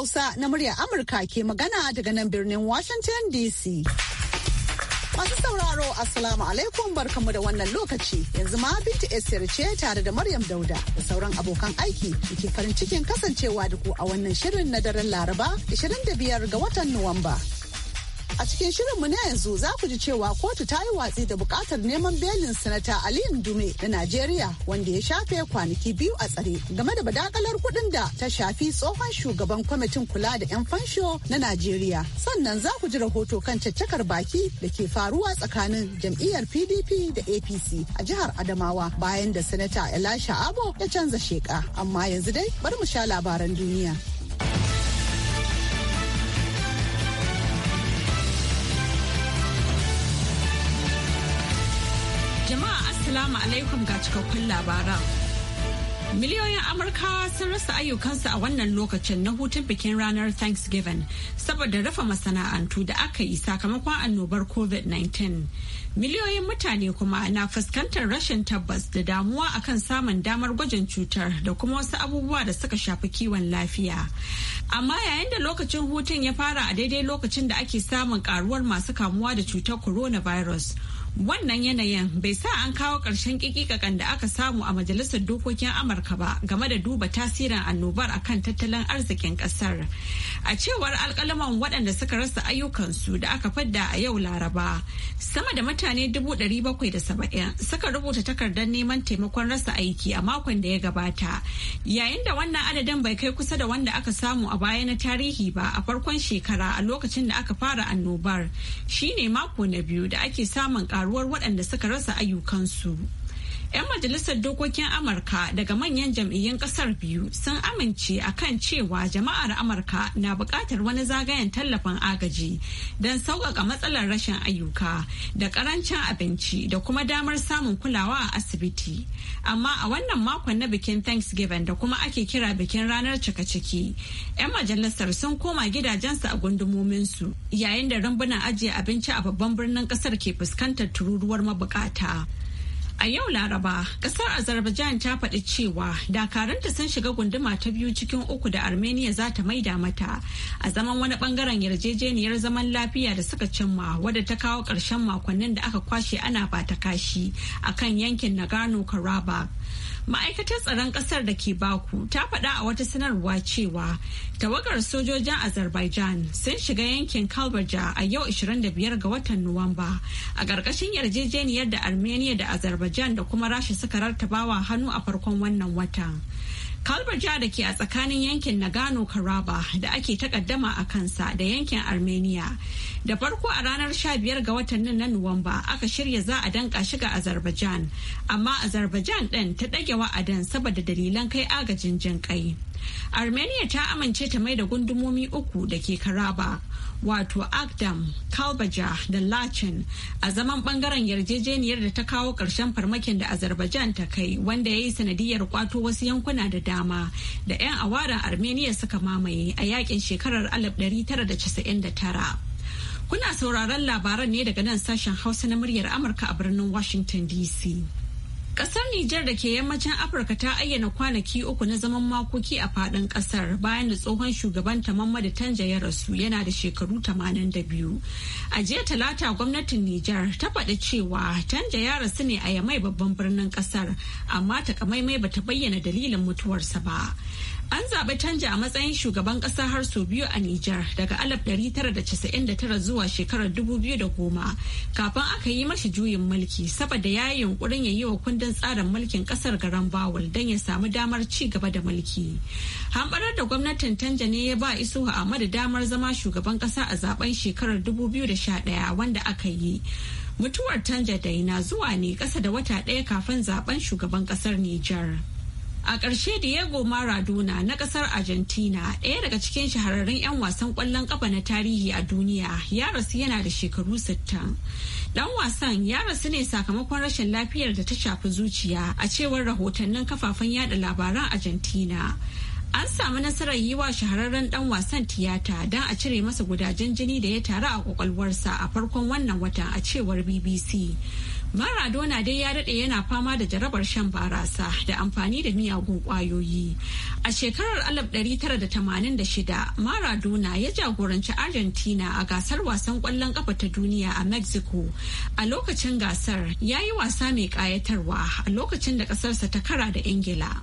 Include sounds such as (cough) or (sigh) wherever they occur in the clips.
Hausa na muryar Amurka ke magana daga nan birnin Washington DC. Masu sauraro Assalamu alaikum barkamu da wannan lokaci yanzu ma Binta Esther ce tare da Maryam Dauda da sauran abokan aiki ke farin cikin kasancewa da ku a wannan shirin na daren Laraba 25 ga watan Nuwamba. A cikin shirin mu na yanzu za ku ji cewa kotu ta yi watsi da bukatar neman belin sanata Aliyu Dume na Najeriya wanda ya shafe kwanaki biyu a tsare game da badakalar kuɗin da ta shafi tsohon shugaban kwamitin kula da 'yan fansho na Najeriya. Sannan za ku ji rahoto kan caccakar baki da ke faruwa tsakanin jam'iyyar PDP da APC a jihar Adamawa bayan da sanata Elisha Abo ya canza sheka. Amma yanzu dai bari mu sha labaran duniya. Assalamu alaikum ga cikakkun labaran. Miliyoyin Amurka sun rasa ayyukansu a wannan lokacin na hutun bikin ranar Thanksgiving saboda rafa masana'antu da aka yi sakamakon annobar COVID-19. Miliyoyin mutane kuma na fuskantar rashin tabbas da damuwa akan samun damar gwajin cutar da kuma wasu abubuwa da suka shafi kiwon lafiya. Amma yayin da lokacin hutun ya fara a daidai lokacin da ake samun karuwar masu kamuwa da cutar coronavirus. Wannan yanayin bai sa an kawo ƙarshen kikikakan da aka samu a Majalisar Dokokin Amurka ba game da duba tasirin annobar akan tattalin arzikin ƙasar. A cewar alkalaman waɗanda suka rasa ayyukansu da aka fadda a yau Laraba, Sama da mutane 770 suka rubuta takardar neman taimakon rasa aiki a makon da ya gabata, yayin da wannan adadin bai kai kusa da wanda aka samu a baya na tarihi ba a farkon shekara a lokacin da aka fara annobar. Shi ne mako na biyu da ake samun karuwar waɗanda suka rasa ayyukansu. 'Yan majalisar dokokin Amurka daga manyan jam'iyyun kasar biyu sun amince a kan cewa jama'ar Amurka na buƙatar wani zagayen tallafin agaji don sauƙaƙa matsalar rashin ayyuka da ƙarancin abinci da kuma damar samun kulawa a asibiti. Amma a wannan makon na bikin Thanksgiving da kuma ake kira bikin ranar cika-ciki, 'yan majalisar sun koma gidajensu a gundumominsu yayin da rumbunan ajiye abinci a babban birnin ƙasar ke fuskantar tururuwar mabukata. A yau Laraba, kasar Azerbaijan ta faɗi cewa dakaranta sun shiga gunduma ta biyu cikin uku da Armenia za ta maida mata a zaman wani bangaren yarjejeniyar zaman lafiya da suka cimma wadda ta kawo ƙarshen makonnin da aka kwashe ana ba ta kashi a kan yankin Nagano Karabakh. ma'aikatar tsaron kasar da ke baku ta faɗa a wata sanarwa cewa tawagar sojojin azerbaijan sun shiga yankin kalbaja a yau 25 ga watan nuwamba a ƙarƙashin yarjejeniyar da armenia da azerbaijan da kuma rasha suka rartabawa hannu a farkon wannan watan Jihar da ke a tsakanin yankin nagano-karaba da ake takaddama a kansa da yankin armenia da farko a ranar 15 ga watan nan na nuwamba aka shirya za a danka shiga azerbaijan amma azerbaijan ɗin ta ɗage wa'adin saboda dalilan kai agajin jin kai. armenia ta amince ta mai da gundumomi uku da ke karaba wato agdam kalbaja da lachin a zaman bangaren yarjejeniyar da ta kawo ƙarshen farmakin da azerbaijan ta kai wanda ya yi sanadiyar kwato wasu yankuna da dama da 'yan awaran armenia suka mamaye a yakin shekarar 1999 kuna sauraron labaran ne daga nan sashen hausa na muryar amurka a birnin washington dc Kasar Nijar da ke yammacin Afirka ta ayyana kwanaki uku na zaman makoki a fadin kasar bayan da tsohon shugaban Mamadu Tanja ya rasu yana da shekaru 82. A jiya talata gwamnatin Nijar ta faɗi cewa Tanja ya rasu ne a Yamai babban birnin kasar amma takamaimai bata bayyana dalilin mutuwarsa ba. An zaɓi canja a matsayin shugaban ƙasa har sau biyu a Nijar daga 1999 zuwa shekarar 2010 kafin aka yi mashi juyin mulki saboda ya yi yunkurin ya yi wa kundin tsarin mulkin ƙasar garan Bawul don ya samu damar ci gaba da mulki. Hamɓarar da gwamnatin canja ne ya ba Isuhu Ahmadu damar zama shugaban ƙasa a zaben shekarar 2011 wanda aka yi. Mutuwar canja dai na zuwa ne ƙasa da wata ɗaya kafin zaben shugaban ƙasar Nijar. A ƙarshe Diego Maradona na ƙasar Argentina ɗaya daga cikin shahararrun 'yan wasan ƙwallon ƙafa na tarihi a duniya ya rasu yana da shekaru 60. Ɗan wasan ya rasu ne sakamakon rashin lafiyar da ta shafi zuciya a cewar rahotannin kafafen yada labaran Argentina. An samu nasarar yi wa shahararren ɗan wasan tiyata don a cire masa gudajen jini da ya taru a kwakwalwarsa a farkon wannan watan a cewar BBC. Maradona dai ya daɗe yana fama da jarabar shan barasa da amfani da miyagun ƙwayoyi. A shekarar 1986, Maradona ya jagoranci Argentina a gasar wasan ƙwallon ƙafa ta duniya a Mexico. A lokacin gasar, ya yi wasa mai ƙayatarwa a lokacin da ƙasarsa ta kara da Ingila.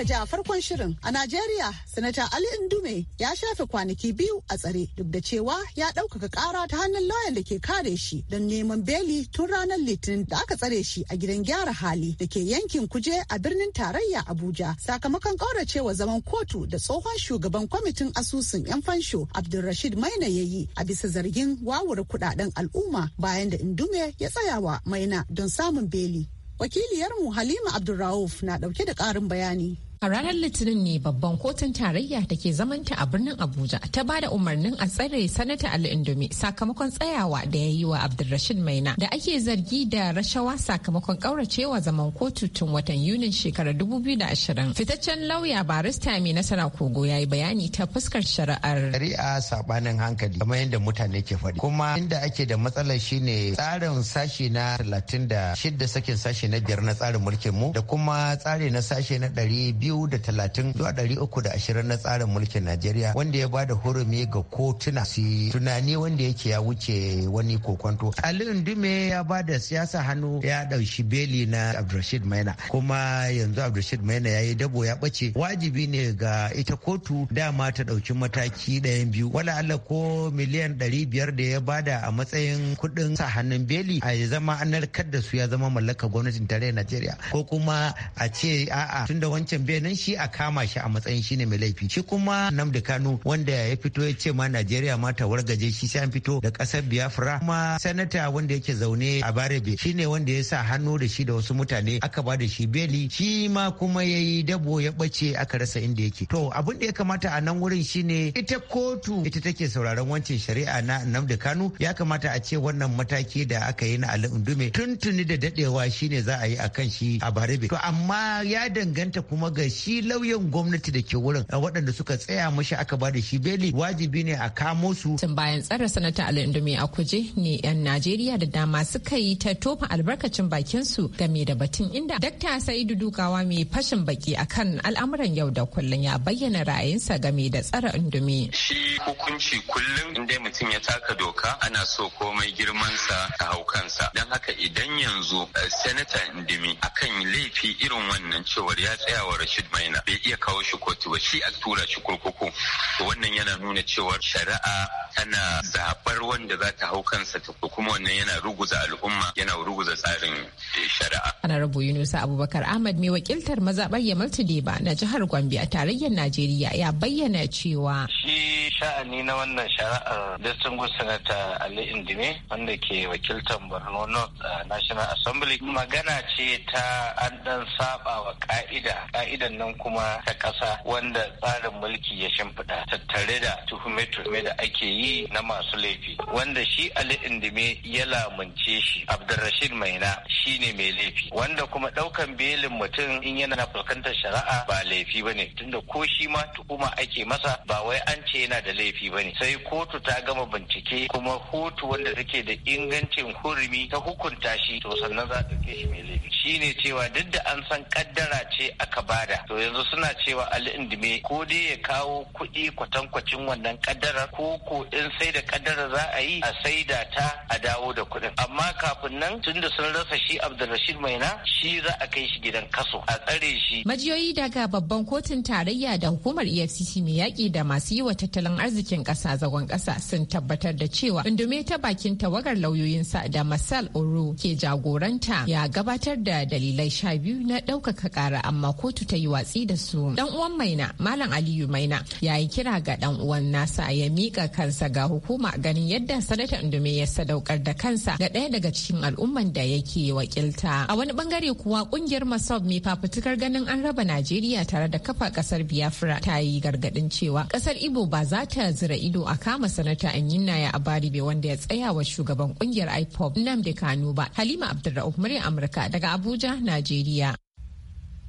aka ji a farkon shirin a Najeriya, Sanata Ali ndume ya shafe kwanaki biyu a tsare duk da cewa ya ɗaukaka ƙara ta hannun lauyan da ke kare shi don neman beli tun ranar Litinin da aka tsare shi a gidan gyara hali da ke yankin kuje a birnin tarayya Abuja sakamakon ƙauracewa zaman kotu da tsohon shugaban kwamitin asusun 'yan fansho Abdulrashid Maina ya yi a bisa zargin wawura kuɗaɗen al'umma bayan da ndume ya tsayawa Maina don samun beli. wakiliyarmu halima abdulrauf na dauke da karin bayani A ranar Litinin ne babban kotun tarayya da ke zamanta a birnin Abuja ta bada umarnin a tsare sanata Ali Indomi sakamakon tsayawa da ya yi wa Abdulrashid Maina da ake zargi da rashawa sakamakon kauracewa zaman kotu tun watan Yunin shekarar 2020. Fitaccen lauya barista mai nasara kogo ya yi bayani ta fuskar shari'ar. Shari'a sabanin hankali kamar yadda mutane ke faɗi. Kuma inda ake da matsalar shine tsarin sashi na 36 sakin sashi na biyar na tsarin mulkin mu da kuma tsari na sashi na 200 biyu da da ashirin na tsarin mulkin Najeriya wanda ya bada hurumi ga kotuna su tunani wanda yake ya wuce wani kokonto. Ali Ndume ya bada siyasa hannu ya ɗaushi beli na Abdulrashid Maina kuma yanzu Abdulrashid Maina ya yi dabo ya ɓace wajibi ne ga ita kotu dama ta ɗauki mataki ɗayan biyu wala Allah ko miliyan ɗari biyar da ya bada a matsayin kuɗin sa hannun beli a ya zama an narkar da su ya zama mallakar gwamnatin tarayyar Najeriya ko kuma a ce a'a tunda wancan beli kenan shi a kama shi a matsayin shi ne mai laifi shi kuma Namdi Kanu wanda ya fito ya ce ma Najeriya ma ta wargaje shi sai an fito da kasar Biafra kuma sanata wanda yake zaune a Barebe shi ne wanda ya sa hannu da shi da wasu mutane aka ba da shi beli shi ma kuma ya yi dabo ya bace aka rasa inda yake to abin da ya kamata a nan wurin shine ita kotu ita take sauraron wancan shari'a na Namdi Kanu ya kamata a ce wannan mataki da aka yi na Ali Undume tuntuni da dadewa shine za a yi akan shi a Barebe to amma ya danganta kuma ga shi lauyan gwamnati da ke wurin a waɗanda suka tsaya mashi aka ba da shi beli wajibi ne a kamo su. Tun bayan tsare sanata Alindumi a kuje ne 'yan Najeriya da dama suka yi ta tofa albarkacin bakin su game da batun inda Dakta Sa'idu Dukawa mai fashin baki akan al'amuran yau da kullum ya bayyana ra'ayinsa game da tsare Indumi. Shi hukunci kullum inda mutum ya taka doka ana so komai girmansa ta hau kansa don haka idan yanzu eh, sanata Indumi akan laifi irin wannan cewar ya tsaya wa rashin Rashid Maina bai iya kawo shi kotu ba shi a tura shi kurkuku wannan yana nuna cewa shari'a tana zabar wanda za ta hau kansa ta kuma wannan yana ruguza al'umma yana ruguza tsarin shari'a. Ana rabu Yunusa Abubakar Ahmad mai wakiltar mazaɓar Yamal deba na jihar Gombe a tarayyar Najeriya ya bayyana cewa. Shi sha'ani na wannan shari'ar distinguished sanata ali indime wanda ke wakiltar borno north a uh, national assembly magana ce ta an dan saba wa ka'ida ka'idan nan kuma ta ƙasa wanda tsarin mulki ya shimfiɗa tattare da tuhume-tuhume da ake yi na masu laifi wanda shi ali indime ya lamunce shi abdulrashid maina shine mai laifi wanda kuma ɗaukan belin mutum in yana fuskantar shari'a ba laifi ba ne tunda ko shi ma tuhuma ake masa ba wai an ce yana da laifi ba ne sai kotu ta gama bincike kuma kotu wanda take da ingancin hurumi ta hukunta shi to sannan za ta kai shi mai laifi shine cewa duk da an san kaddara ce aka bada to yanzu suna cewa ali ko dai ya kawo kuɗi kwatankwacin wannan kaddara ko ko in sai da ƙaddara za a yi a sai da ta a dawo da kuɗin amma kafin nan tunda sun rasa shi abdulrashid maina shi za a kai shi gidan kaso a tsare shi majiyoyi daga babban kotun tarayya da hukumar efcc mai yaƙi da masu yi wa tattalin arzikin ƙasa zagon ƙasa sun tabbatar da cewa indume ta bakin tawagar lauyoyinsa da masal oro ke jagoranta ya gabatar da da dalilai sha biyu na ɗaukaka ƙara amma kotu ta yi watsi da su. Dan uwan Maina, Malam Aliyu Maina, ya yi kira ga dan uwan nasa ya miƙa kansa ga hukuma ganin yadda sanata Indume ya sadaukar da kansa ga ɗaya daga cikin al'umman da yake wakilta. A wani bangare kuwa ƙungiyar Masob mai fafutukar ganin an raba Najeriya tare da kafa ƙasar Biafra ta yi gargadin cewa ƙasar Ibo ba za ta zira ido a kama sanata naya ya Abaribe wanda ya tsaya wa shugaban ƙungiyar IPOB Nnamdi Kanu ba. Halima Abdulrahman Amurka daga Abuja, Najeriya.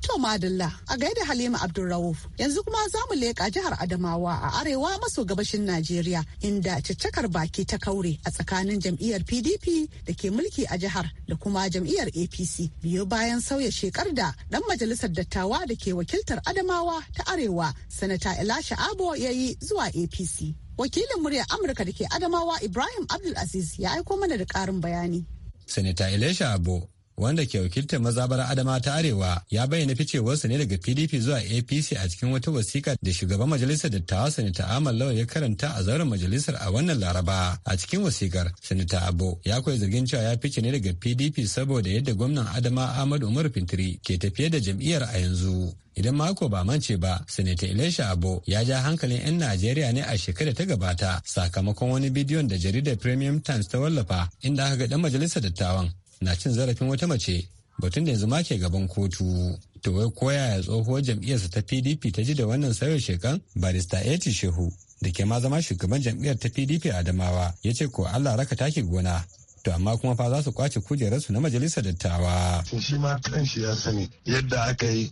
To Madalla a gaida Halima Abdulrauf yanzu kuma za mu leƙa jihar Adamawa a arewa maso gabashin Najeriya inda caccakar baki ta kaure a tsakanin jam'iyyar PDP da ke mulki a jihar da kuma jam'iyyar APC biyo bayan sauya shekar da ɗan majalisar dattawa da ke wakiltar Adamawa ta arewa sanata Elisha Abo ya yi zuwa APC. Wakilin muryar Amurka da ke Adamawa Ibrahim Abdulaziz ya aiko mana da ƙarin bayani. Sanata Elisha Abo wanda ke wakiltar mazabar adama ta arewa ya bayyana ficewarsa ne daga pdp zuwa apc a cikin wata wasiƙa da shugaban majalisar dattawa sanata amal lawal ya karanta a zauren majalisar a wannan laraba a cikin wasiƙar sanata abo ya koyi zargin cewa ya fice ne daga pdp saboda yadda gwamnan adama ahmad umar fintiri ke tafiye da jam'iyyar a yanzu idan mako ba mance ba sanata ilesha abo ya ja hankalin 'yan najeriya ne a shekarar ta gabata sakamakon wani bidiyon da jaridar premium times ta wallafa inda aka ga dan majalisar dattawan na cin zarafin wata mace batun da yanzu ma ke gaban kotu. To wai ya tsoho jam'iyyarsa ta PDP ta ji da wannan sauyin shekan barista Eti Shehu da ke ma zama shugaban jam'iyyar ta PDP Adamawa ya ce ko Allah raka taki gona to amma kuma fa za su kwace kujerarsu na majalisar dattawa. Shi ma kanshi ya sani yadda aka yi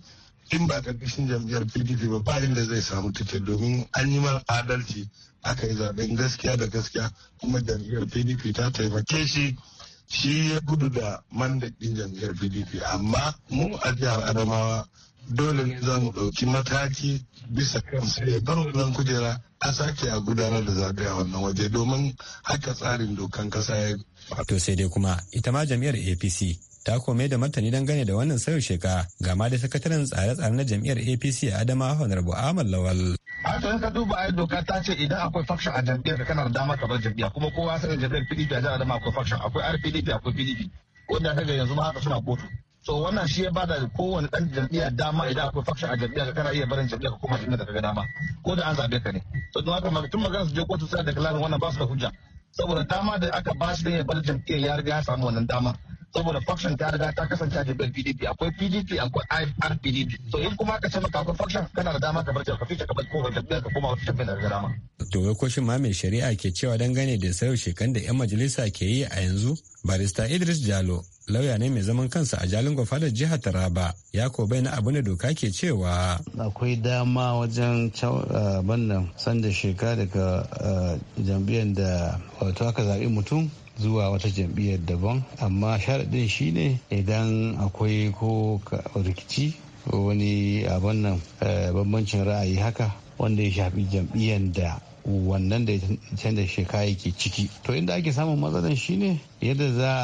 in ba karkashin jam'iyyar PDP ba ba da zai samu tike domin an yi mara adalci aka yi zaben gaskiya da gaskiya kuma jam'iyyar PDP ta taimake shi shi ya gudu da mandat jam'iyyar pdp amma mu a jihar adamawa dole ne za mu ɗauki mataki bisa kan sai bar wannan kujera a sake a gudanar da zaɓe a wannan waje domin haka tsarin dokan kasa ya To sai dai kuma ita ma jam'iyyar APC ta kome da martani dangane da wannan sayo sheka ga ma da sakataren tsare-tsare na jam'iyyar APC a Adama Honorable Ahmad Lawal. A ka duba ai doka ta ce idan akwai faction a jam'iyyar kana da dama ka bar jam'iyya kuma kowa sai jam'iyyar PDP a jihar Adama akwai faction akwai RPDP akwai PDP wanda daga yanzu ma haka suna kotu. so wannan shi ya bada kowane dan jam'iyya dama idan akwai faction a ka kana iya barin jam'iyya kuma inda da kaga dama ko da an zabe ka ne so don haka tun magana su je kotu sai da kalarin wannan ba su da hujja saboda dama da aka ba shi da ya bar jam'iyyar ya riga ya samu wannan dama saboda faction ta riga ta kasance a jam'iyyar PDP akwai PDP akwai rpdp so in kuma aka ce maka akwai faction kana da dama ka bar jam'iyyar ka fice ka bar kowace jam'iyyar ka koma wata jam'iyyar da riga dama. to ko shin ma mai shari'a ke cewa dangane da sayo shekan da 'yan majalisa ke yi a yanzu barista idris jalo lauya ne mai zaman kansa a jalin gwafalar jihar taraba ya ko na abu ne doka ke cewa akwai dama wajen bannan eh, sanda sheka daga eh, jam'iyyar da wato aka zaɓi mutum zuwa wata jam'iyyar daban amma sharaɗin shine idan akwai ko rikici wani abin eh, bambancin ra'ayi haka wanda ya shafi jam'iyyar da wannan da canza shekara yake ciki to inda ake samun matsalan shine yadda za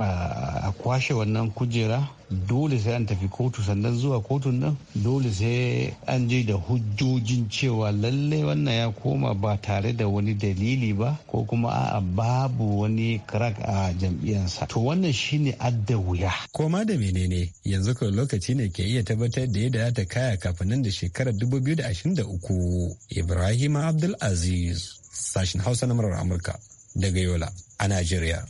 a kwashe wannan kujera dole sai an tafi kotu sannan zuwa kotun nan dole sai an je da hujjojin cewa lalle wannan ya koma ba tare da wani dalili ba ko kuma a babu wani crack a jam'iyyarsa to wannan shine adda wuya koma da menene yanzu kawai lokaci ne ke iya tabbatar da yadda ta kaya kafin nan da shekarar 2023 ibrahim abdu Abdulaziz sashen Hausa na murar Amurka daga Yola a Najeriya.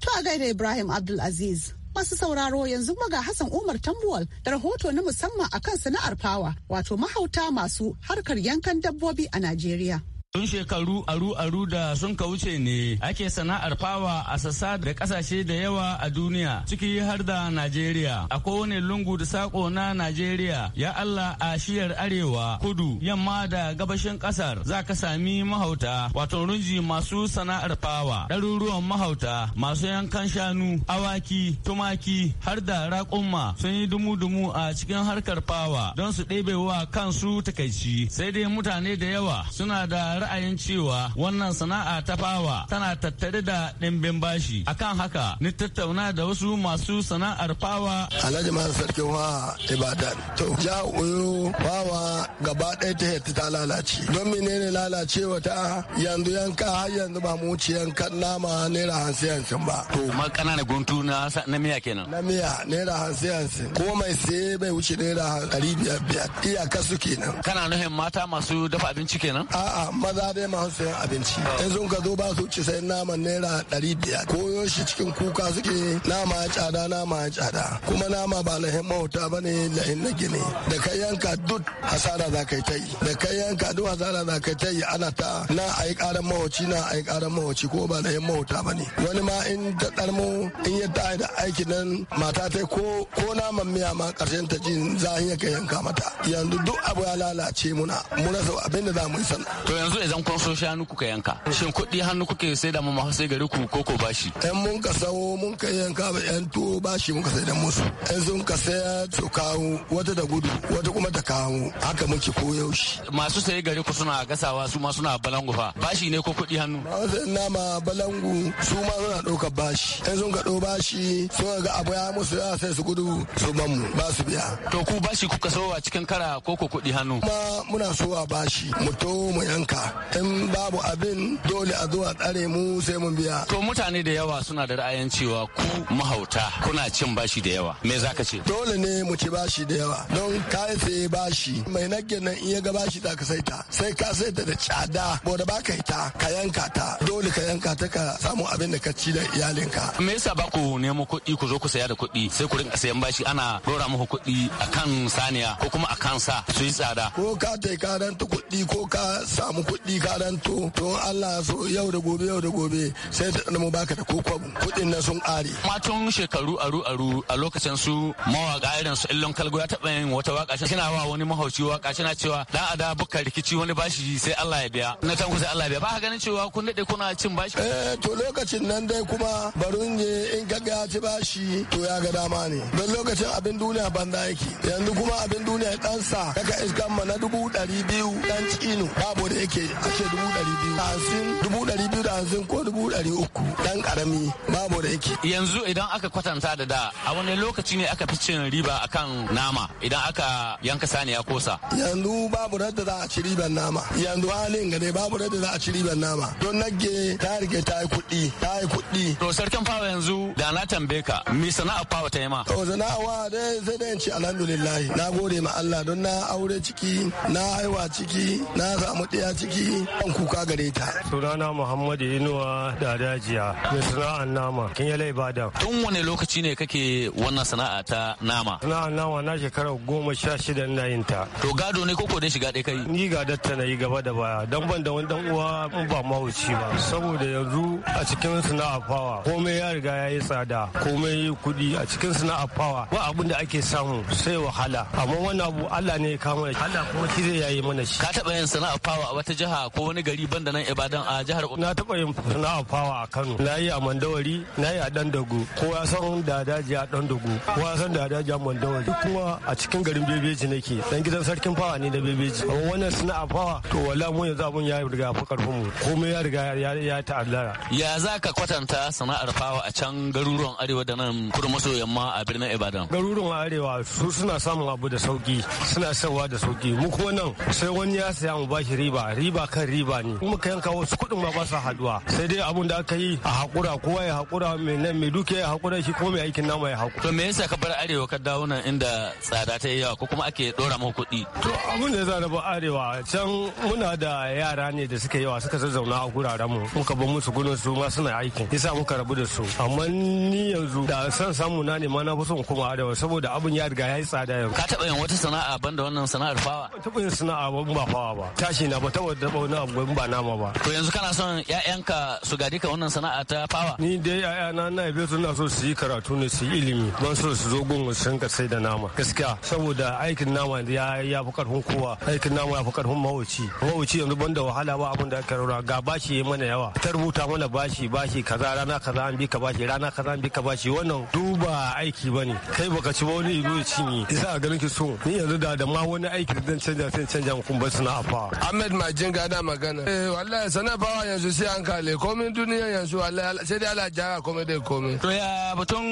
To a gaida Ibrahim Abdulaziz. Masu sauraro yanzu maga Hassan Umar Tambuwal da rahoto na musamman a akan sana'ar fawa wato mahauta masu harkar yankan dabbobi a Najeriya. Tun shekaru aru-aru da sun ka wuce ne ake sana'ar fawa a sassa da kasashe da yawa a duniya ciki har da Najeriya. A kowane lungu da sako na Najeriya ya Allah a shiyar arewa kudu yamma da gabashin kasar za ka sami mahauta wato runji masu sana'ar fawa ɗaruruwan mahauta masu yankan shanu awaki tumaki har da raƙumma sun yi dumu-dumu a cikin harkar fawa don su ɗebewa kansu takaici sai dai mutane da yawa suna da ra'ayin cewa wannan sana'a ta fawa tana tattare da ɗimbin bashi. Akan haka ni tattauna da wasu masu sana'ar fawa. Alhaji Mahar Sarkin wa Ibadan. To ja oyo fawa gaba ɗaya ta hetta ta lalace. Don menene lalacewa ta yanzu yanka har yanzu ba mu wuce yankan nama naira hamsin hamsin ba. To ma ƙananan guntu na na miya kenan. Na miya naira hamsin hamsin. Ko mai saye bai wuce naira ɗari biyar biyar. Iyaka su kenan. Kana nufin mata masu dafa abinci kenan? A'a maza dai masu sayan abinci in sun ka zo ba su ci sayan naman naira ɗari biyar koyo shi cikin kuka suke nama ya tsada nama ya tsada kuma nama ba lahin mahauta ba ne lahin na gine da kai yanka duk hasara za ka ta yi da kai yanka duk hasara za ka ta yi ana ta na a yi ƙarar mahauci na a yi ƙarar mahauci ko ba lahin mahauta ba ne wani ma in ta ɗarmo in ya ta da aiki nan mata ta ko ko naman miya ma ƙarshen ta jin za ya kai yanka mata yanzu duk abu ya lalace muna mun rasa abin da za mu yi sana. to yanzu dole zan shi hannu kuka yanka shin kuɗi hannu kuke sai da mama sai gari ku ko ko bashi ɗan mun ka sawo mun ka yanka ba ɗan tuwo bashi mun ka sai da musu ɗan sun ka saya su kawo wata da gudu wata kuma ta kawo haka muke koyaushe masu sai gari ku suna gasawa su ma suna balangu fa bashi ne ko kuɗi hannu masu nama balangu su ma suna ɗaukar bashi ɗan sun ka ɗau bashi sun ga abu ya musu ya sai su gudu su ban mu ba su biya to ku bashi kuka a cikin kara ko ko kuɗi hannu kuma muna sowa bashi mu to mu yanka in babu abin dole a zo a tsare mu sai mun biya to mutane da yawa suna da ra'ayin cewa ku mahauta kuna cin bashi da yawa me zaka ce dole ne mu ci bashi da yawa don ka sai bashi mai nagge nan in ya ga bashi da ka saita sai ka saita da tsada bo da baka ita ka yanka ta dole ka yanka ta ka samu abin da ka ci da iyalinka me yasa ba ku nemo kuɗi ku zo ku saya da kuɗi sai ku rinka sayan bashi ana rora muku kuɗi akan saniya ko kuma akan sa su yi tsada ko ka tai ka ranta kuɗi ko ka samu kuɗi kuɗi ka dan to to Allah so yau da gobe yau da gobe sai da mu baka da kokon kuɗin na sun ƙare. Matun shekaru aru aru a lokacin su mawaƙa irin su Illon Kalgo ya taɓa yin wata waƙa shi na wa wani mahauci waƙa shi na cewa dan ada buka rikici wani bashi sai Allah ya biya. Na tanku sai Allah ya biya ba ganin cewa kun daɗe kuna cin bashi. Eh to lokacin nan dai kuma barun ne in kaga ya ci bashi to ya ga dama ne. Don lokacin abin duniya banda yake yanzu kuma abin duniya ɗansa kaka iskan ma na dubu ɗari biyu ɗan cino babu da yake a ce dubu ɗari biyu hamsin dubu ɗari biyu da hamsin ko dubu ɗari uku ɗan ƙarami babu da yake. yanzu idan aka kwatanta da da a wani lokaci ne aka fi cin riba akan nama idan aka yanka saniya kosa. yanzu babu da za a ci riban nama yanzu halin ga dai babu da za a ci riban nama don nage ta rike ta yi kuɗi ta yi kuɗi. to sarkin fawa yanzu da na tambaye ka mi sana'a fawa ta yi ma. to sana'a dai sai dai ci alhamdulillah na gode ma Allah don na aure ciki na haihuwa ciki na samu ɗiya ciki ji an kuka gare ta. Sunana Muhammadu Inuwa da Dajiya mai sana'ar nama kin yala Ibadan. Tun wane lokaci ne kake wannan sana'a ta nama? Sana'ar nama na shekara goma sha shida na yin ta. To gado ne koko don shiga ɗaya kai? Ni ga datta na yi gaba da baya don ban da wani dan uwa in ba mahauci ba. Saboda yanzu a cikin sana'a fawa komai ya riga ya yi tsada komai kuɗi a cikin sana'a fawa ba abin da ake samu sai wahala amma wannan abu Allah ne ya kama Allah kuma shi zai yayi mana shi. Ka taɓa yin sana'a fawa a wata jiha ko wani gari banda nan Ibadan a jihar Na taba yin na afawa a Kano. Na yi a Mandawari, na yi a Dandago. Kowa san da daji a Dandago. Kowa san da daji a Mandawari. Kuma a cikin garin Bebeji nake. Dan gidan sarkin fawa ne da Bebeji. Amma wannan suna afawa to wala mu yanzu abun ya riga fi karfin mu. Komai ya riga ya ta'allara. Ya za ka kwatanta sana'ar fawa a can garuruwan arewa da nan kudu maso yamma a birnin Ibadan? Garuruwan arewa su suna samun abu da sauki, suna sayarwa da sauki. Mu kuma nan sai wani ya saya mu bashi riba. riba kan riba ne kuma ka yanka wasu kuɗin ma ba sa haduwa sai dai abun da aka yi a hakura kowa ya hakura mai nan mai duke ya hakura shi kuma mai aikin nama ya hakura to me yasa ka bar arewa ka dawo nan inda tsada ta yi yawa ko kuma ake dora mu kuɗi to abun da yasa na bar arewa can muna da yara ne da suka yawa suka zazzauna a guraren mu muka bar musu gudun su ma suna aikin yasa muka rabu da su amma ni yanzu da san samu na ne ma na fi son kuma arewa saboda abun ya riga ya yi tsada yanzu ka taɓa yin wata sana'a banda wannan sana'ar fawa taɓa yin sana'a ba fawa ba tashi na ba ta taɓa wani abu ba nama ba. To yanzu kana son ƴaƴanka su gadi ka wannan sana'a ta fawa? Ni dai ƴaƴana na ibe suna so su yi karatu ne su yi ilimi ban so su zo gun su rinka sai da nama. Gaskiya saboda aikin nama ya ya fi karfin kowa aikin nama ya fi karfin mawuci. Mawuci yanzu banda wahala ba abin da aka rura ga bashi ya mana yawa. Ta rubuta mana bashi bashi kaza rana kaza an bi ka bashi rana kaza an bi ka bashi wannan duba aiki ba ne. Kai baka ci ba wani ido cinye. Isa a ganin ki so ni yanzu da da ma wani aiki zan canja sai canja kun bar sana'a fa. Ahmed Majin ga da magana eh wallahi sana bawa yanzu sai an kale komai duniya yanzu wallahi sai dai Allah jara komai dai komai to ya batun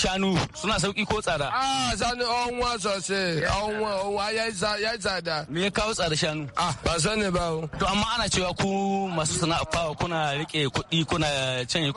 shanu suna sauki ko tsada ah shanu an oh, wa sosai an oh, wa oh, wa yayi yayi tsada me ya kawo tsada shanu ah ba sani ba to amma ana cewa ku masu sana'a fawa kuna rike kuɗi kuna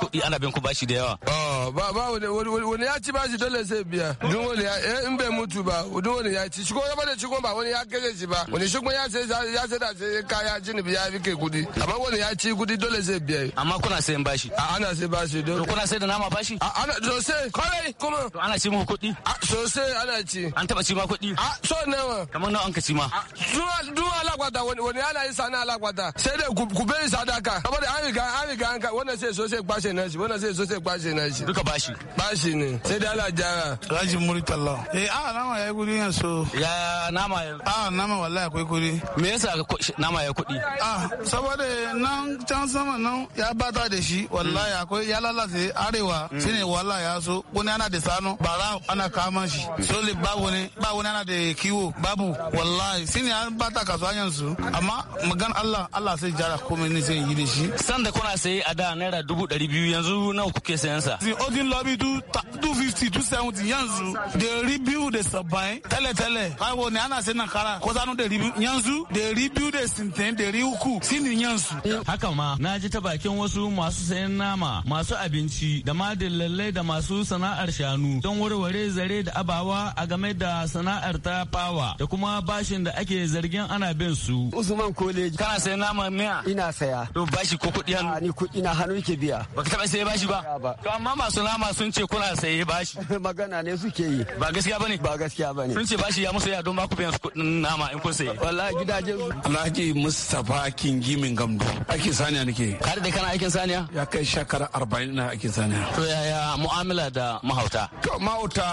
kuɗi ana bin ku bashi da yawa oh ba ba wani ya ci bashi dole sai biya duk wani ya eh, in bai mutu ba duk ya ci shi ko ya bada shi ko ba wani ya shi ba wani ya sai ya sai da sai ya ci ni ya fi kai kudi amma wani ya ci kudi dole zai biya amma kuna sayan bashi a ana sayan bashi dole kuna sayan da nama bashi a ana sosai kwarai kuma to ana ci muku kudi a sosai ana ci an taba ci ma kudi a so nawa kamar nawa an ka ci ma duwa duwa alakwata wani ana yi sana alakwata sai dai ku bai sadaka kamar an riga an riga an ka wannan sai sosai kwashe na shi wannan sai sosai kwashe na shi duka bashi bashi ne sai dai ala jara raji muritalla eh a nama yi kudi yanzu ya nama ya a nama wallahi akwai kudi me yasa nama ya kuɗi. Ah, saboda nan can sama nan ya bata da shi wallahi mm. akwai ya lalace arewa mm. shine wallahi ya so wani ana da sano bara ana kama shi mm. sole babu ne ba wani ana da kiwo babu wallahi shine an bata kasuwa yanzu amma magan Allah Allah sai jara komai ne yi da shi. San da kuna sayi a da naira dubu ɗari biyu yanzu nawa kuke sayan sa. Sin odin lobby du 250 270 yanzu da ribiyu da saba'in tele tele. Kai ne ana sayan kara ko sanu da ribiyu yanzu da ribiyu da sintin sayan ɗari uku sinin yansu. Haka ma na ji ta bakin wasu masu sayan nama masu abinci da ma dillalai da masu sana'ar shanu don warware zare da abawa a game da sana'ar ta fawa da kuma bashin da ake zargin ana bin su. Usman College. Kana sayan nama miya? Ina saya. To bashi ko kuɗi hannu? Ni kuɗi na hannu ke biya. Baka taɓa saye bashi ba? To amma masu nama sun ce kuna saye bashi. (laughs) Magana ne suke yi. Ba gaskiya bane? Ba gaskiya bane. Sun ce bashi ya musu ya don ba ku biyan su kuɗin nama in kun saye. Wallahi gidajen. Alhaji mus. mustapha kingimin gamdu aikin saniya nake ka da kana aikin saniya ya kai shekara arba'in na aikin saniya to yaya mu'amala da mahauta to mahauta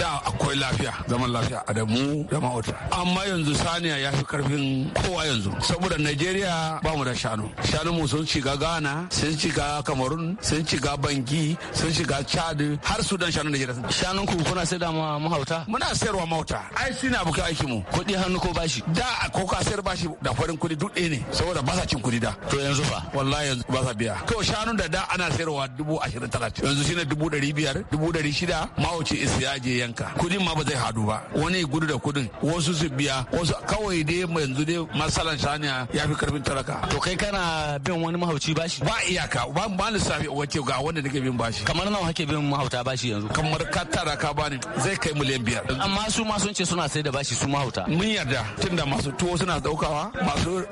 da akwai lafiya zaman lafiya a da mu da mahauta amma yanzu saniya ya fi karfin kowa yanzu saboda najeriya ba mu da shanu shanu mu sun shiga ghana sun shiga cameroon sun shiga bangi sun shiga chad har sudan shanun najeriya shanun ku kuna sai da mahauta muna sayarwa mahauta ai suna buka aikin mu kuɗi hannu ko bashi da ko ka sayar bashi da farin kuɗi duk ɗaya ne saboda ba sa cin kuɗi da to yanzu fa wallahi yanzu ba sa biya kawai shanun da da ana sayarwa dubu ashirin talatin yanzu shine dubu ɗari biyar dubu ɗari shida Ma mawuce isiya je yanka kuɗin ma ba zai hadu ba wani gudu da kuɗin wasu su biya wasu kawai dai yanzu dai masalan shaniya ya fi karfin talaka. to kai kana bin wani mahauci bashi. ba iyaka ba ba lissafi wace ga wanda nake bin bashi. kamar nawa kake bin mahauta bashi yanzu. kamar ka tara ka bani zai kai miliyan biyar. amma su ma sun ce suna sai da bashi su mahauta. mun yarda tunda masu tuwo suna daukawa masu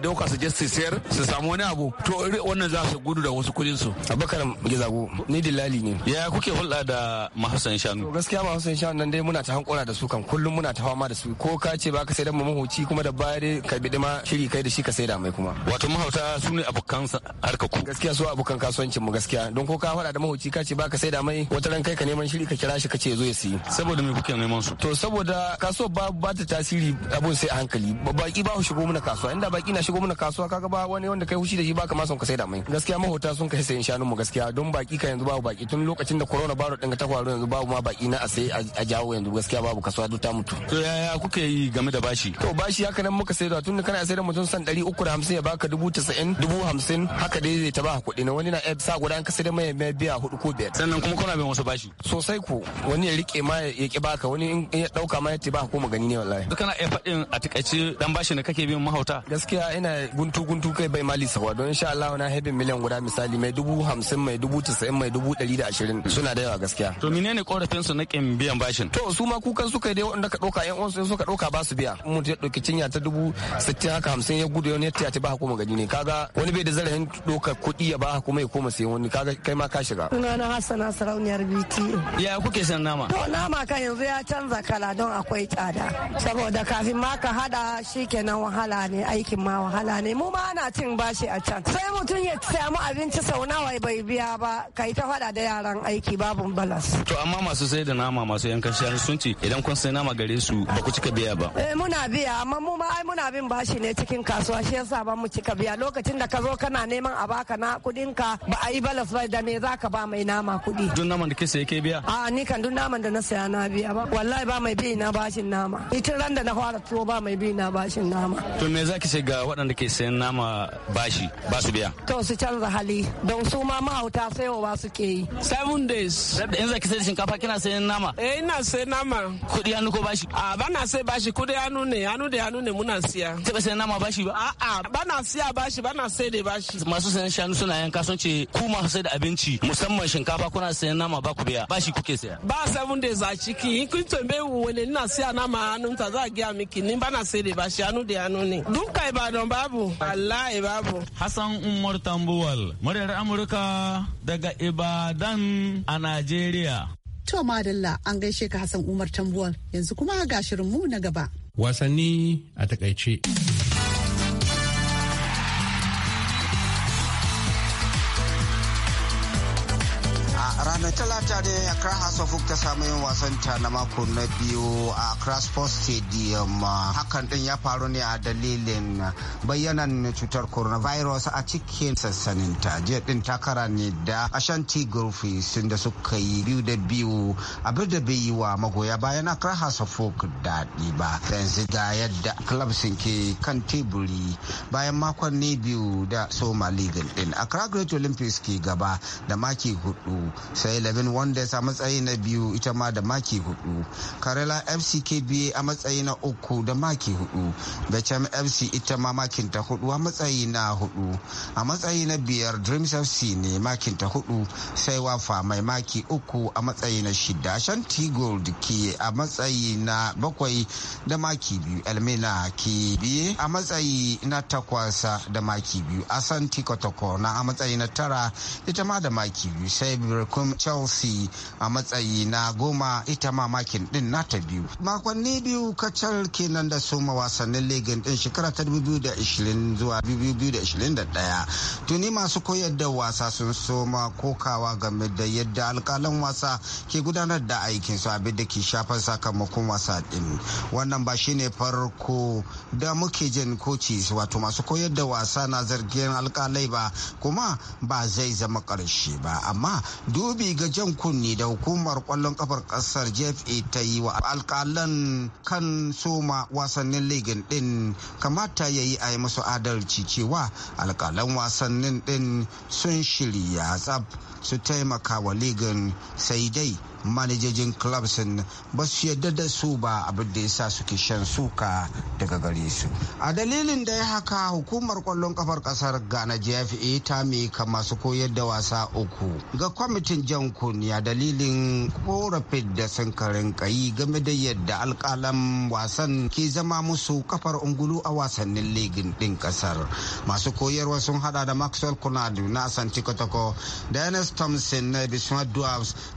dauka su je su sayar su samu wani abu to wannan za su gudu da wasu kudin su abakar gizago ni dillali ne ya kuke hulɗa da mahasan shanu gaskiya mahasan shanu nan dai muna ta hankula da su kan kullum muna ta fama da su ko ka ce baka sai da mu mahuci kuma da baya dai ka bidi shiri kai da shi ka saida mai kuma wato mahauta su ne abokan harkar ku gaskiya su abokan kasuwancin mu gaskiya don ko ka faɗa da mahuci ka ce baka sai da mai wata ran kai ka neman shiri ka kira shi ka ce zo ya siyi saboda me kuke neman su to saboda kasuwar ba ta tasiri abun sai a hankali baki ba shigo muna kasuwa inda baki na shigo mana kasuwa kaga ba wani wanda kai hushi da shi baka ma son ka saida mai gaskiya mahota sun kai sayin shanun mu gaskiya don baki ka yanzu babu baki tun lokacin da corona baro din ta faru yanzu babu ma baki na a sai a jawo yanzu gaskiya babu kasuwa duk ta mutu to yaya kuke yi game da bashi to bashi haka nan muka saida tun kana sai da mutum san 350 ya baka 90 50 haka dai zai ta ba kuɗi na wani na sa guda an ka saida mai mai biya hudu ko biyar sannan kuma kuna bin wasu bashi sosai ko wani ya rike ma ya ki baka wani in ya dauka ma ya ce ba ko magani ne wallahi kana iya faɗin a takaice dan bashi ne kake bin ma mahauta gaskiya ina guntu guntu kai bai mali sawa don insha Allah na hebe miliyan guda misali mai dubu hamsin mai dubu tasa'in mai dubu ɗari da ashirin suna da yawa gaskiya to menene korafin su na kin biyan bashin to su ma kukan su kai dai wanda ka ɗauka yan uwansu suka ɗauka ba su biya mun ta ɗauki cinya ta dubu sittin haka hamsin ya gudu wani ya ta ba hakuma gani ne kaga wani bai da zarafin ɗaukar kuɗi ya ba hakuma ya koma sayan wani kaga kai ma ka shiga sunana hassana sarauniyar bta ya kuke san nama to nama kan yanzu ya canza kala don akwai tsada saboda kafin ma ka hada kenan wahala wahala ne aikin ma wahala ne mu ma ana cin bashi a can sai mutum ya samu abinci sau nawa bai biya ba kai ta fada da yaran aiki babu balas to amma masu sai da nama masu yankan shanu sun ce idan kun sai nama gare su ba ku cika biya ba eh muna biya amma mu ma ai muna bin bashi ne cikin kasuwa shi yasa ba mu cika biya lokacin da ka zo kana neman a baka na kudin ka ba a yi balas ba da me zaka ba mai nama kudi dun naman da ke sai ke biya a ni kan dun naman da na saya na biya ba wallahi ba mai bi na bashin nama itin ran da na fara tuwo ba mai bi na bashin nama To me ki ce ga waɗanda ke sayan nama bashi ba su biya? To su canza hali don su ma mahauta sayowa suke yi. Seven days. In zaki sai shinkafa kina sayan nama? Eh ina sayan nama. Kuɗi hannu ko bashi? A bana sai bashi kuɗi hannu ne hannu da hannu ne muna siya. Taɓa sayan nama bashi ba? A'a bana siya bashi bana sai da bashi. Masu sayan shanu suna yanka sun ce ku masu sai da abinci musamman shinkafa kuna sayan nama ba ku biya bashi kuke saya. Ba seven days a ciki in kun tambaye wani ina siya nama ta za a gaya miki ni bana sai da bashi hannu da hannu ne. ne duka ibadan babu wallahi babu hassan umar tambuwal muryar amurka daga ibadan a najeriya to madalla an gaishe ka hassan umar tambuwal yanzu kuma ga shirinmu na gaba wasanni a takaice talata ne a kan hasa fukta ta yin wasanta na mako na biyu a crossport Sports Stadium. Hakan din ya faru ne a dalilin bayyanan cutar coronavirus a cikin sassanin ta. Jiya din takara ne da Ashanti Golfis da suka yi biyu da biyu abin da bai yi wa magoya bayan a kan hasa daɗi ba. Yanzu ga yadda club sun ke kan teburi bayan ne biyu da Soma League din. a Great Olympics ke gaba da maki hudu sai 7 Wonders a matsayi na biyu ita ma da maki hudu karela fckba a matsayi na uku da maki hudu becham fc ita ma makin ta hudu a matsayi na hudu a matsayi na biyar dreams fc ne makin ta hudu sai wafa mai maki uku a matsayi na shida shanti gold ke a matsayi na bakwai da maki biyu elmina ke biye a matsayi na takwasa da maki biyu asanti kotoko na a matsayi na tara ita ma da maki biyu sai birkum Chow chelsea a matsayi na goma ita ma makin din ta biyu makonni biyu kacal kenan da soma wasannin ligin din shekara ta 2020 zuwa 2021 tuni masu koyar da wasa sun soma kokawa game da yadda alkalan wasa ke gudanar da aikinsu abin da ke shafar sakamakon wasa din wannan ba shine farko da muke jin koci wato masu koyar da wasa na zargin alkalai ba kuma ba zai zama karshe ba amma dubi ga jan kunni da hukumar kwallon kafar kasar jfa ta yi wa alkalan kan soma wasannin ligin din kamata ya yi a yi musu adalci cewa alkalan wasannin din sun shirya tsab su taimaka wa ligin sai dai manajojin clubs ba su yarda da su ba abin da yasa suke shan suka daga gare su a dalilin da ya haka hukumar kwallon kafar kasar ghana jfa ta mika masu koyar da wasa uku ga kwamitin jan kunya dalilin korafin da sun karin kayi game da yadda alkalan wasan ke zama musu kafar ungulu a wasannin ligin din kasar masu koyarwa sun hada da maxwell kunadu na asanti kotoko da thompson na bismarck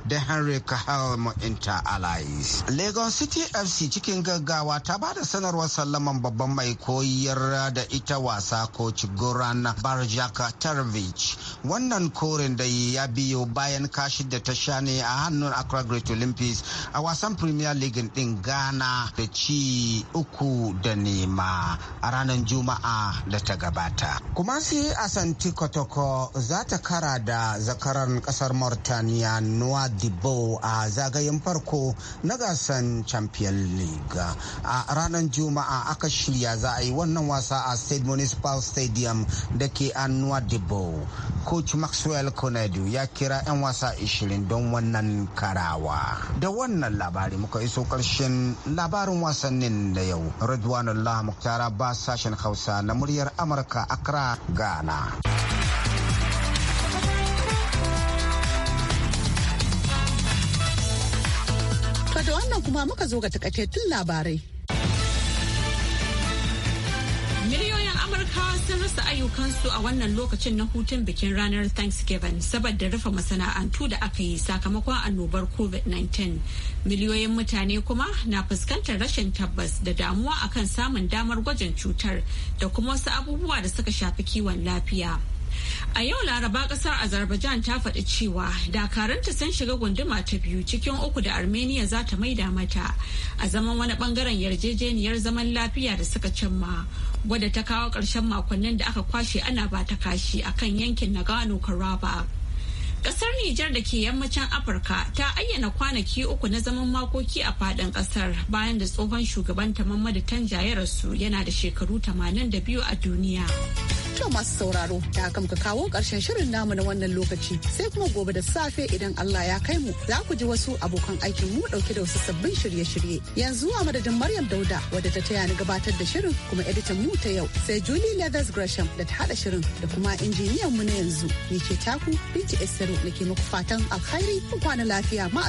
da henry Calm Inter Allies. Lagos City FC cikin gaggawa ta bada sanarwar sallaman babban mai koyar da ita wasa coach Goran Barjak Tarvic. Wannan koren da ya biyo bayan kashi da ta sha ne a hannun Accra Great Olympics a wasan Premier League din Ghana da ci uku da nema a ranar Juma'a da ta gabata. Kumasi sai Asanti Kotoko za ta kara da zakaran kasar Mauritania Noa Dibo a zagayen farko na gasan champion league a ranar juma'a aka shirya za a yi wannan wasa a state municipal stadium da ke annuwa debo coach maxwell conadu ya kira 'yan wasa 20 don wannan karawa da wannan labari muka iso karshen labarin wasannin da yau redwanullah muktara ba sashen hausa na muryar amurka accra Gana. da wannan kuma muka zo ga takaitattun labarai. Miliyoyin Amurkawa sun rasa ayyukansu a wannan lokacin na hutun bikin ranar Thanksgiving saboda rufe masana'antu da aka yi sakamakon annobar COVID-19. Miliyoyin mutane kuma na fuskantar rashin tabbas da damuwa akan samun damar gwajin cutar da kuma wasu abubuwa da suka shafi kiwon lafiya. A yau Laraba kasar Azerbaijan ta faɗi cewa dakaranta sun shiga gunduma ta biyu cikin uku da Armenia za ta maida mata a zaman wani bangaren yarjejeniyar zaman lafiya da suka cimma wadda ta kawo ƙarshen makonnin da aka kwashe ana ba ta kashi a kan yankin nagano Karaba. Ƙasar Nijar da ke yammacin Afirka ta ayyana kwanaki uku na zaman makoki a faɗin ƙasar, bayan da tsohon shugaban ta Mamadu Tanja ya rasu yana da shekaru 82 a duniya. To masu sauraro da haka muka kawo ƙarshen shirin namu na wannan lokaci sai kuma gobe da safe idan Allah ya kai mu za ku ji wasu abokan aikin mu dauke da wasu sabbin shirye-shirye. Yanzu a madadin Maryam Dauda wadda ta taya ni gabatar da shirin kuma editan mu ta yau sai Julie Leathers Gresham da ta hada shirin da kuma injiniyan mu na yanzu ni ke taku Binti Esteru da ke muku fatan alkhairi ku kwana lafiya ma